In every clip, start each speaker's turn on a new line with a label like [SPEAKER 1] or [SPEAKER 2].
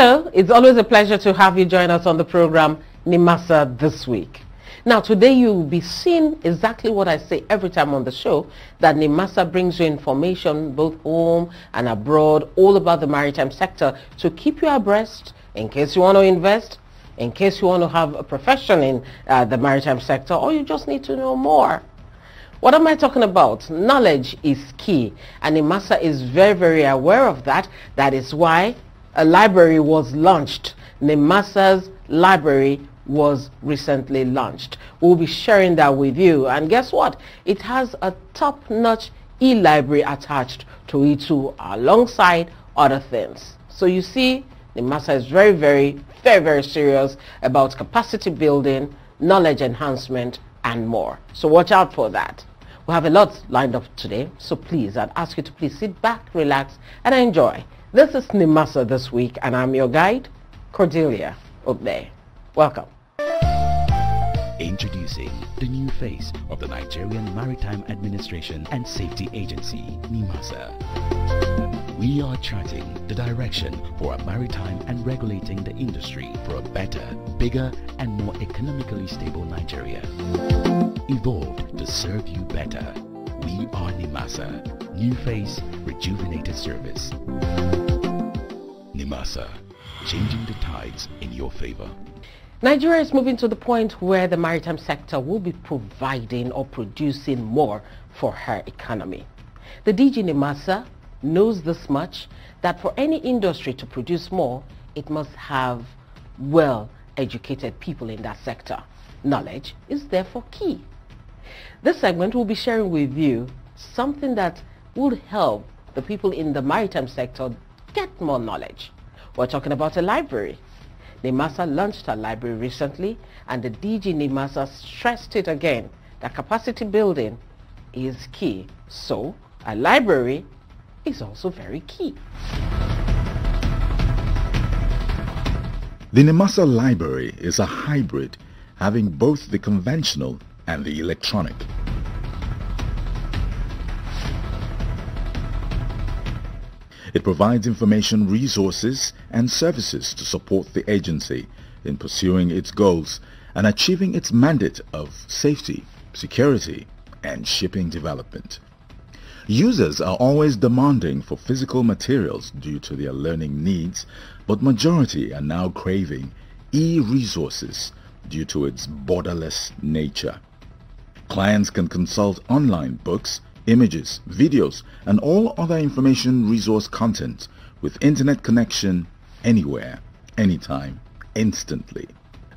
[SPEAKER 1] Hello, it's always a pleasure to have you join us on the program Nimasa This Week. Now today you will be seeing exactly what I say every time on the show, that Nimasa brings you information both home and abroad all about the maritime sector to keep you abreast in case you want to invest, in case you want to have a profession in uh, the maritime sector or you just need to know more. What am I talking about? Knowledge is key and Nimasa is very, very aware of that. That is why a library was launched. The Library was recently launched. We'll be sharing that with you. And guess what? It has a top-notch e-library attached to it too, alongside other things. So you see, the is very, very, very, very serious about capacity building, knowledge enhancement, and more. So watch out for that. We have a lot lined up today, so please, I'd ask you to please sit back, relax, and enjoy. This is Nimasa This Week, and I'm your guide, Cordelia Obey. Welcome.
[SPEAKER 2] Introducing the new face of the Nigerian Maritime Administration and Safety Agency, NIMASA. We are charting the direction for a maritime and regulating the industry for a better, bigger and more economically stable Nigeria evolved to serve you better. We are Nimasa, new face, rejuvenated service. Nimasa, changing the tides in your favor.
[SPEAKER 1] Nigeria is moving to the point where the maritime sector will be providing or producing more for her economy. The DG Nimasa knows this much, that for any industry to produce more, it must have well-educated people in that sector. Knowledge is therefore key. This segment will be sharing with you something that would help the people in the maritime sector get more knowledge. We're talking about a library. NIMASA launched a library recently and the DG NIMASA stressed it again that capacity building is key. So a library is also very key.
[SPEAKER 3] The Nemasa Library is a hybrid having both the conventional and the electronic. It provides information, resources, and services to support the agency in pursuing its goals and achieving its mandate of safety, security, and shipping development. Users are always demanding for physical materials due to their learning needs, but majority are now craving e-resources due to its borderless nature. Clients can consult online books, images, videos, and all other information resource content with internet connection anywhere, anytime, instantly.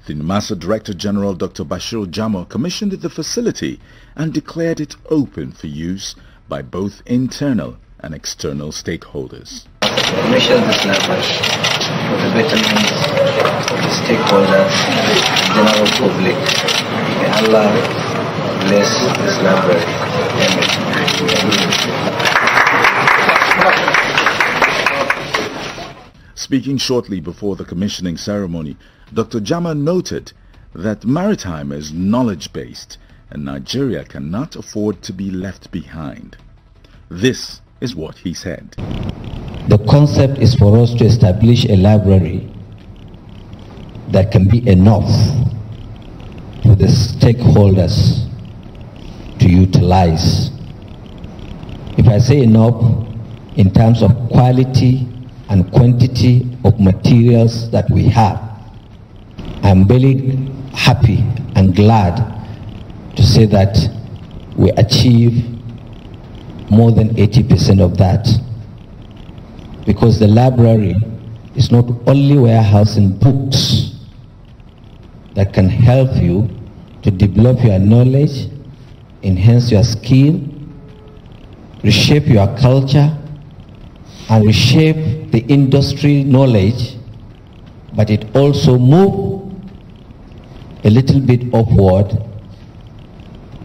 [SPEAKER 3] The NMASA Director General Dr. Bashir Jamo commissioned the facility and declared it open for use by both internal and external stakeholders. Commissioned this
[SPEAKER 4] for the betterment of the stakeholders general public. Allah very
[SPEAKER 3] Speaking shortly before the commissioning ceremony, Dr. Jama noted that maritime is knowledge-based and Nigeria cannot afford to be left behind. This is what he said. The concept
[SPEAKER 4] is for us to establish a library that can be enough for the stakeholders to utilize. If I say enough in terms of quality and quantity of materials that we have, I'm very happy and glad to say that we achieve more than 80% of that because the library is not only warehousing books that can help you to develop your knowledge enhance your skill, reshape your culture, and reshape the industry knowledge, but it also move a little bit upward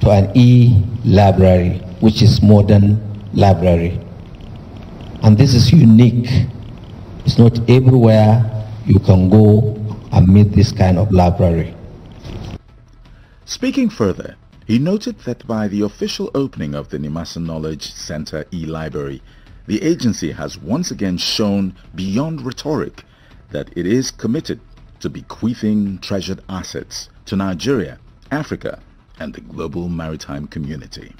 [SPEAKER 4] to an e-library, which is modern library. And this is unique. It's not everywhere you can go and meet this kind of library.
[SPEAKER 3] Speaking further, he noted that by the official opening of the Nimasa Knowledge Center e-library, the agency has once again shown beyond rhetoric that it is committed to bequeathing treasured assets to Nigeria, Africa, and the global maritime community.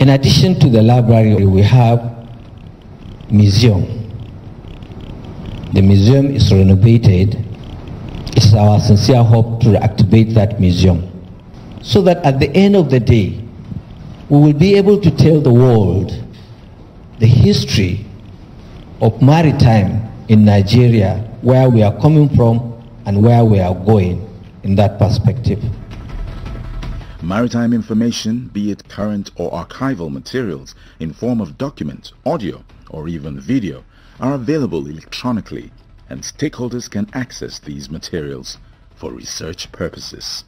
[SPEAKER 4] In addition to the library, we have museum. The museum is renovated. It's our sincere hope to activate that museum so that at the end of the day, we will be able to tell the world the history of maritime in Nigeria, where we are coming from and where we are going
[SPEAKER 3] in that perspective. Maritime information, be it current or archival materials in form of documents, audio, or even video, are available electronically and stakeholders can access these materials for research purposes.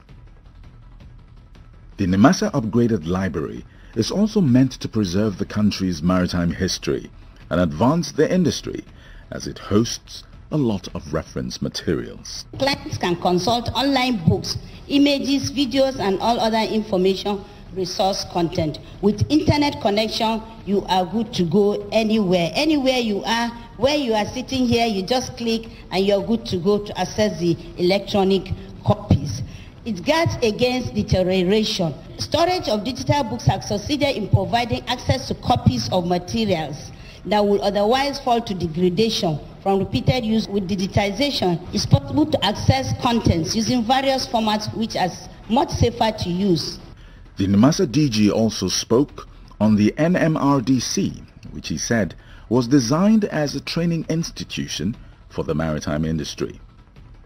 [SPEAKER 3] The Nemasa Upgraded Library is also meant to preserve the country's maritime history and advance the industry as it hosts a lot of reference materials.
[SPEAKER 1] Clients can consult online books, images, videos and all other information resource content. With internet connection, you are good to go anywhere. Anywhere you are, where you are sitting here, you just click and you're good to go to access the electronic copies. It guards against deterioration. Storage of digital books has succeeded in providing access to copies of materials that would otherwise fall to degradation from repeated use with digitization. It's possible to access contents using various formats which are much safer to use.
[SPEAKER 3] The Nmasa DG also spoke on the NMRDC, which he said was designed as a training institution for the maritime industry.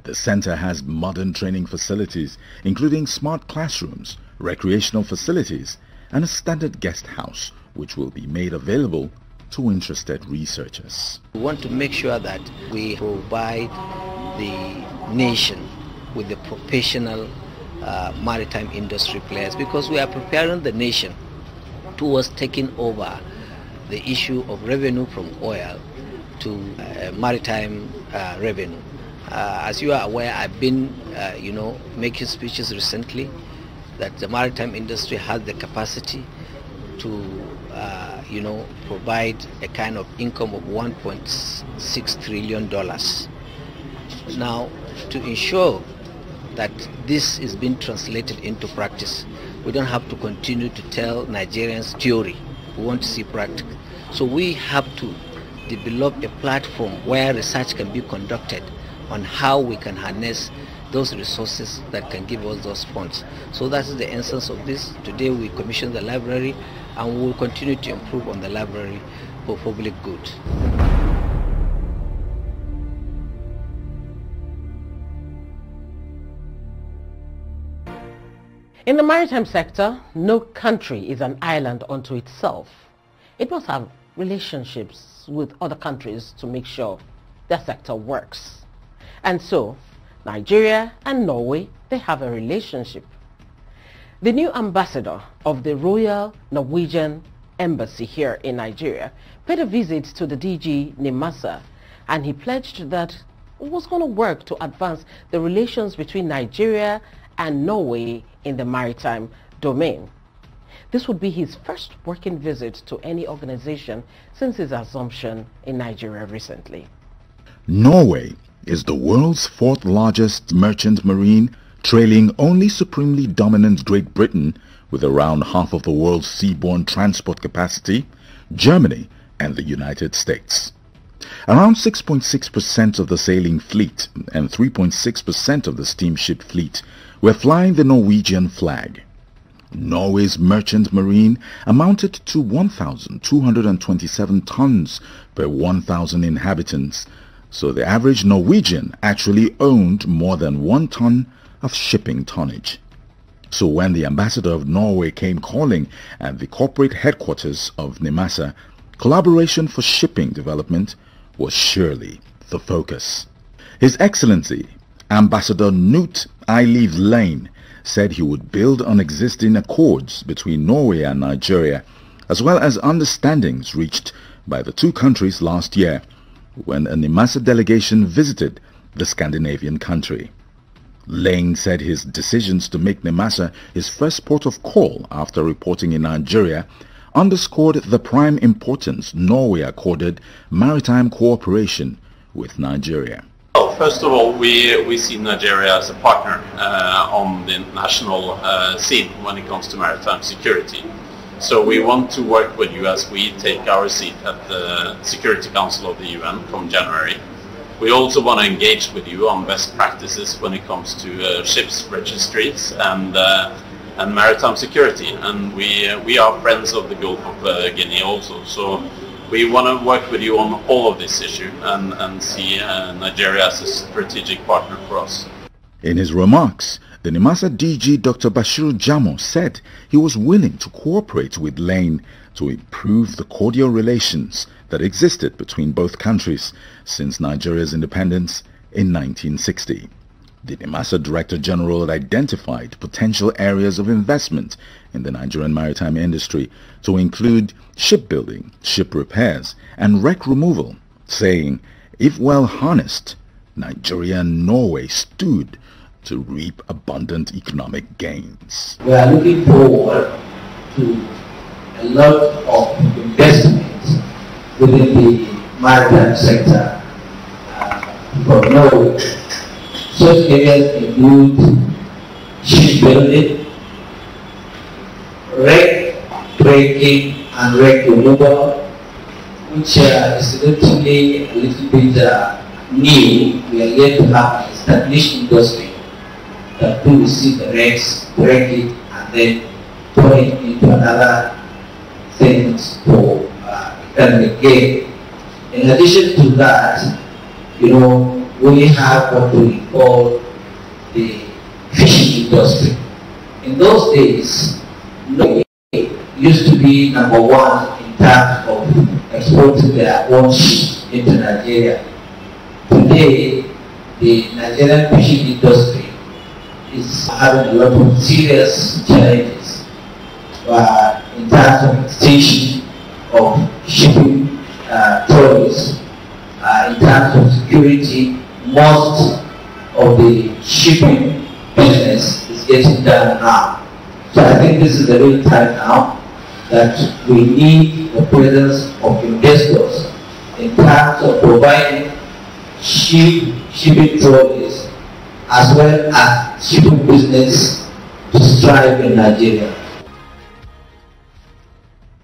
[SPEAKER 3] The center has modern training facilities, including smart classrooms, recreational facilities, and a standard guest house, which will be made available to interested researchers.
[SPEAKER 4] We want to make sure that we provide the nation with the professional uh, maritime industry players because we are preparing the nation towards taking over the issue of revenue from oil to uh, maritime uh, revenue. Uh, as you are aware, I've been, uh, you know, making speeches recently that the maritime industry has the capacity to, uh, you know, provide a kind of income of 1.6 trillion dollars. Now, to ensure that this is being translated into practice, we don't have to continue to tell Nigerians theory. We want to see practice. So we have to develop a platform where research can be conducted on how we can harness those resources that can give us those funds. So that is the essence of this. Today we commissioned the library and we will continue to improve on the library for public good.
[SPEAKER 1] In the maritime sector, no country is an island unto itself. It must have relationships with other countries to make sure their sector works. And so, Nigeria and Norway, they have a relationship. The new ambassador of the Royal Norwegian Embassy here in Nigeria paid a visit to the DG Nimasa and he pledged that it was going to work to advance the relations between Nigeria and Norway in the maritime domain. This would be his first working visit to any organization since his assumption in Nigeria recently.
[SPEAKER 3] Norway is the world's fourth largest merchant marine, trailing only supremely dominant Great Britain with around half of the world's seaborne transport capacity, Germany and the United States. Around 6.6% of the sailing fleet and 3.6% of the steamship fleet were flying the Norwegian flag. Norway's merchant marine amounted to 1,227 tons per 1,000 inhabitants, so the average Norwegian actually owned more than one ton of shipping tonnage. So when the ambassador of Norway came calling at the corporate headquarters of Nemasa, collaboration for shipping development was surely the focus. His Excellency, Ambassador Knut Eilif Lane, said he would build on existing accords between Norway and Nigeria, as well as understandings reached by the two countries last year when an IMASA delegation visited the Scandinavian country. Lane said his decisions to make Nemasa his first port of call after reporting in Nigeria underscored the prime importance Norway accorded maritime cooperation with Nigeria.
[SPEAKER 5] Well, first of all, we, we see Nigeria as a partner
[SPEAKER 3] uh, on the national uh, scene when it comes to maritime security. So we want to work with you as we take our seat at the Security Council of the UN from January. We also want to engage with you on best practices when it comes to uh, ships registries and uh, and maritime security. And we uh, we are friends of the Gulf of uh, Guinea also. So we want to work with you on all of this issue and and see uh, Nigeria as a strategic partner for us. In his remarks, the Nimasa DG Dr. Bashir Jamo said he was willing to cooperate with Lane to improve the cordial relations that existed between both countries since Nigeria's independence in 1960. The Nimasa Director General had identified potential areas of investment in the Nigerian maritime industry to include shipbuilding, ship repairs and wreck removal, saying if well harnessed, Nigeria and Norway stood to reap abundant economic gains.
[SPEAKER 4] We are looking forward to a lot of investments within the maritime sector. For uh, now, such areas include shipbuilding, wreck breaking, and wreck removal, which uh, is relatively a little bit uh, new. We are yet to have established industry uh, do see the eggs, break it, and then put it into
[SPEAKER 1] another things to uh, become the In addition to
[SPEAKER 4] that, you know, we have what we call the fishing industry. In those days, Norway used to be number one in terms of exporting their own sheep into Nigeria. Today, the Nigerian fishing industry is having a lot of serious challenges uh, in terms of extension of shipping uh, uh, in terms of security, most of the shipping business is getting done now. So I think this is the real time now that we need the presence of investors in terms of providing ship shipping trolleys as well as shipping business to strive in Nigeria.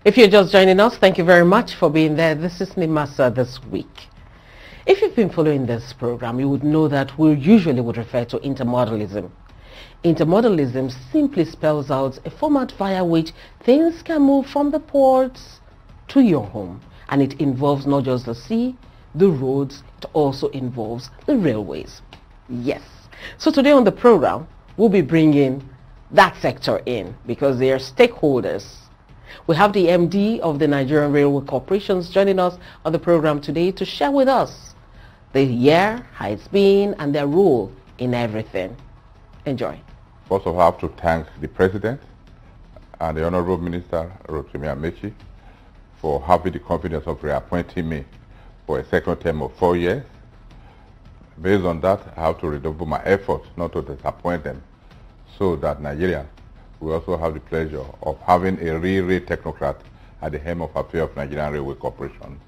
[SPEAKER 1] If you're just joining us, thank you very much for being there. This is Nimasa This Week. If you've been following this program, you would know that we usually would refer to intermodalism. Intermodalism simply spells out a format via which things can move from the ports to your home. And it involves not just the sea, the roads, it also involves the railways. Yes, so today on the program, we'll be bringing that sector in because they are stakeholders. We have the MD of the Nigerian Railway Corporations joining us on the program today to share with us the year, how it's been, and their role in everything. Enjoy.
[SPEAKER 5] First of all, I have to thank the President and the Honorable Minister, Rotimi Amechi, for having the confidence of reappointing me for a second term of four years Based on that, I have to redouble my efforts not to disappoint them so that Nigeria will also have the pleasure of having a real, technocrat at the helm of affairs of Nigerian Railway Corporation.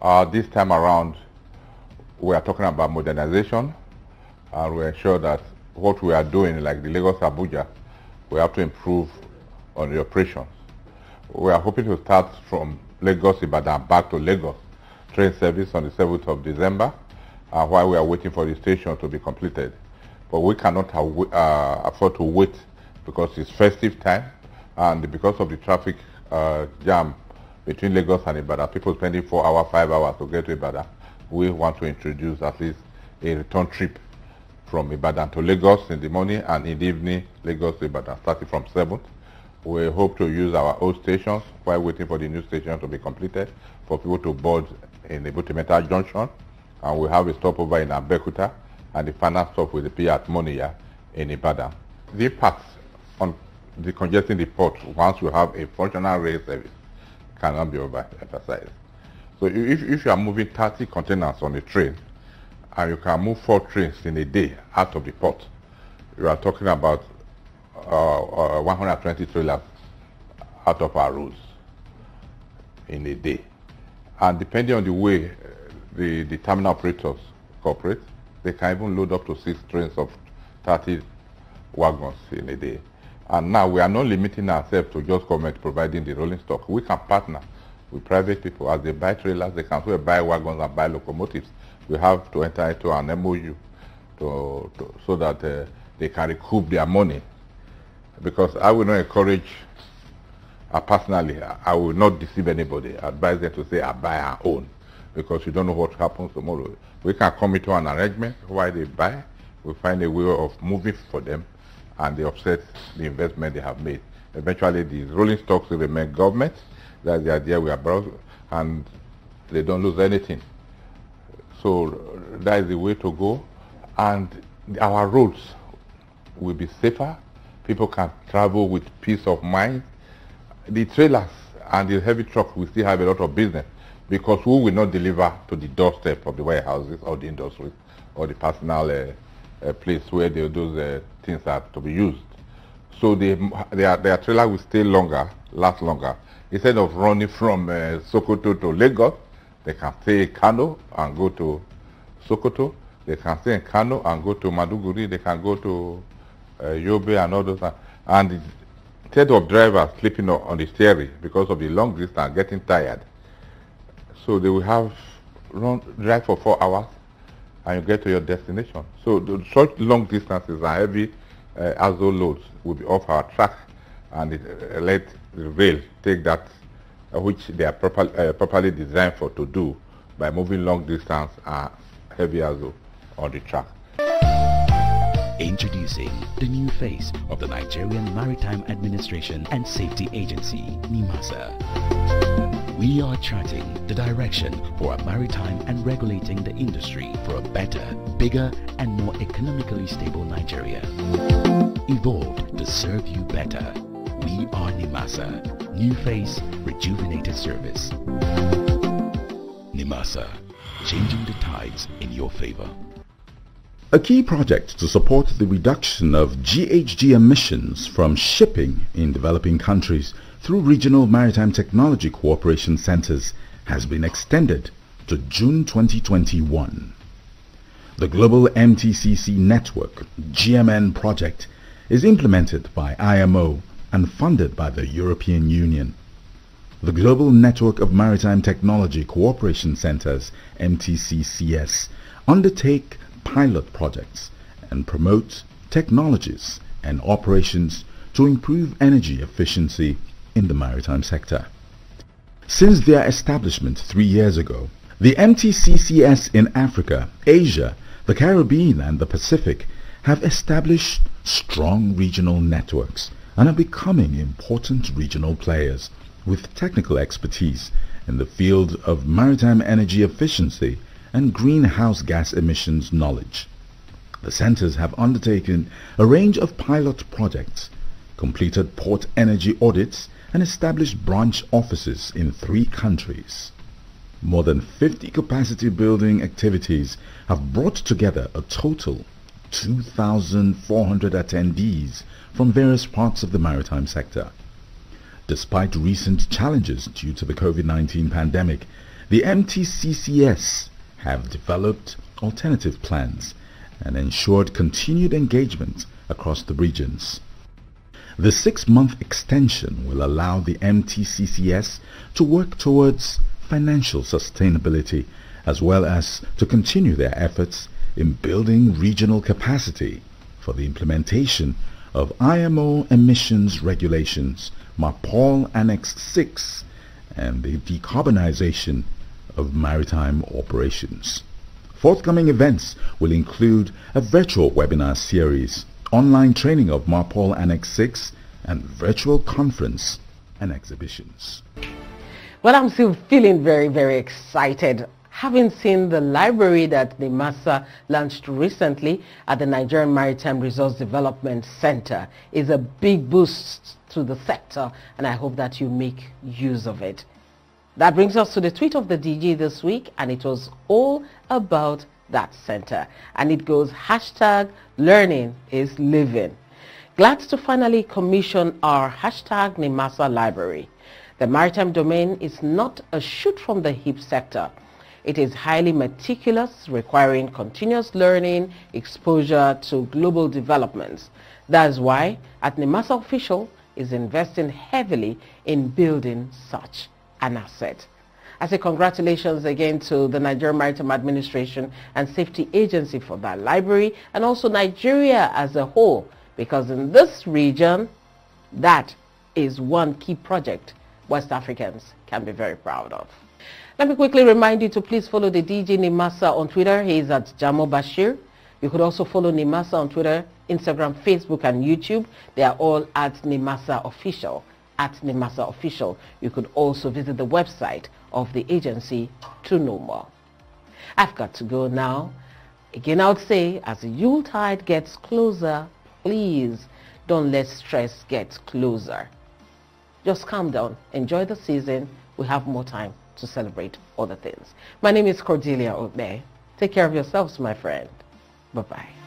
[SPEAKER 5] Uh, this time around, we are talking about modernization and we ensure that what we are doing, like the Lagos-Abuja, we have to improve on the operations. We are hoping to start from Lagos-Ibadan back to Lagos train service on the 7th of December uh, while we are waiting for the station to be completed. But we cannot uh, afford to wait because it's festive time and because of the traffic uh, jam between Lagos and Ibadan, people spending four hours, five hours to get to Ibadan, we want to introduce at least a return trip from Ibadan to Lagos in the morning and in the evening, Lagos to Ibadan, starting from 7th. We hope to use our old stations while waiting for the new station to be completed for people to board in the Butimeta Junction and we have a stopover in Abekuta and the final stop will be at Monia in Ibadan. The impact on the congesting the port once we have a functional rail service cannot be overemphasized. So if, if you are moving 30 containers on a train and you can move four trains in a day out of the port, you are talking about uh, uh, 120 trailers out of our roads in a day. And depending on the way the, the terminal operators cooperate, they can even load up to six trains of 30 wagons in a day. And now we are not limiting ourselves to just government providing the rolling stock. We can partner with private people. As they buy trailers, they can also buy wagons and buy locomotives. We have to enter into an MOU to, to, so that uh, they can recoup their money. Because I will not encourage, uh, personally, I, I will not deceive anybody. I advise them to say, I buy our own because you don't know what happens tomorrow. We can come into an arrangement while they buy. We find a way of moving for them and they offset the investment they have made. Eventually, these rolling stocks will remain government. That's the idea we are brought and they don't lose anything. So that is the way to go. And our roads will be safer. People can travel with peace of mind. The trailers and the heavy trucks will still have a lot of business because who will not deliver to the doorstep of the warehouses or the industries or the personal uh, uh, place where they, those uh, things are to be used. So they, their, their trailer will stay longer, last longer. Instead of running from uh, Sokoto to Lagos, they can stay in Kano and go to Sokoto. They can stay in Kano and go to Maduguri. They can go to uh, Yobe and all those. And instead of drivers sleeping on the steering because of the long distance, getting tired, so they will have run drive for four hours and you get to your destination. So the, such long distances and heavy uh, ASO loads will be off our track and it, uh, let the rail take that uh, which they are uh, properly designed for to do by moving long distance and heavy ASO on the track. Introducing
[SPEAKER 2] the new face of the Nigerian Maritime Administration and Safety Agency, NIMASA we are charting the direction for a maritime and regulating the industry for a better, bigger and more economically stable Nigeria. Evolved to serve you better. We are Nimasa. New face, rejuvenated service. Nimasa, changing the tides in your favor.
[SPEAKER 3] A key project to support the reduction of GHG emissions from shipping in developing countries through regional maritime technology cooperation centers has been extended to June 2021. The Global MTCC Network GMN project is implemented by IMO and funded by the European Union. The Global Network of Maritime Technology Cooperation Centers MTCCS undertake pilot projects and promotes technologies and operations to improve energy efficiency in the maritime sector. Since their establishment three years ago, the MTCCS in Africa, Asia, the Caribbean and the Pacific have established strong regional networks and are becoming important regional players with technical expertise in the field of maritime energy efficiency and greenhouse gas emissions knowledge. The centers have undertaken a range of pilot projects, completed port energy audits, and established branch offices in three countries. More than 50 capacity building activities have brought together a total 2,400 attendees from various parts of the maritime sector. Despite recent challenges due to the COVID-19 pandemic, the MTCCS have developed alternative plans and ensured continued engagement across the regions. The six-month extension will allow the MTCCS to work towards financial sustainability as well as to continue their efforts in building regional capacity for the implementation of IMO emissions regulations, MAPOL Annex 6, and the decarbonization of maritime operations. Forthcoming events will include a virtual webinar series, online training of MARPOL Annex 6, and virtual conference and exhibitions.
[SPEAKER 1] Well, I'm still feeling very, very excited. Having seen the library that the MASA launched recently at the Nigerian Maritime Resource Development Center is a big boost to the sector and I hope that you make use of it. That brings us to the tweet of the DG this week and it was all about that center and it goes hashtag learning is living. Glad to finally commission our hashtag Nimasa library. The maritime domain is not a shoot from the hip sector. It is highly meticulous, requiring continuous learning, exposure to global developments. That is why at Nemasa Official is investing heavily in building such an asset. I say congratulations again to the Nigerian Maritime Administration and Safety Agency for that library and also Nigeria as a whole because in this region, that is one key project West Africans can be very proud of. Let me quickly remind you to please follow the DJ Nimasa on Twitter. He is at Jamo Bashir. You could also follow Nimasa on Twitter, Instagram, Facebook, and YouTube. They are all at Nimasa Official at NIMASA official. You could also visit the website of the agency to know more. I've got to go now. Again, I would say, as the Yuletide gets closer, please don't let stress get closer. Just calm down, enjoy the season. We have more time to celebrate other things. My name is Cordelia Obey. Take care of yourselves, my friend. Bye-bye.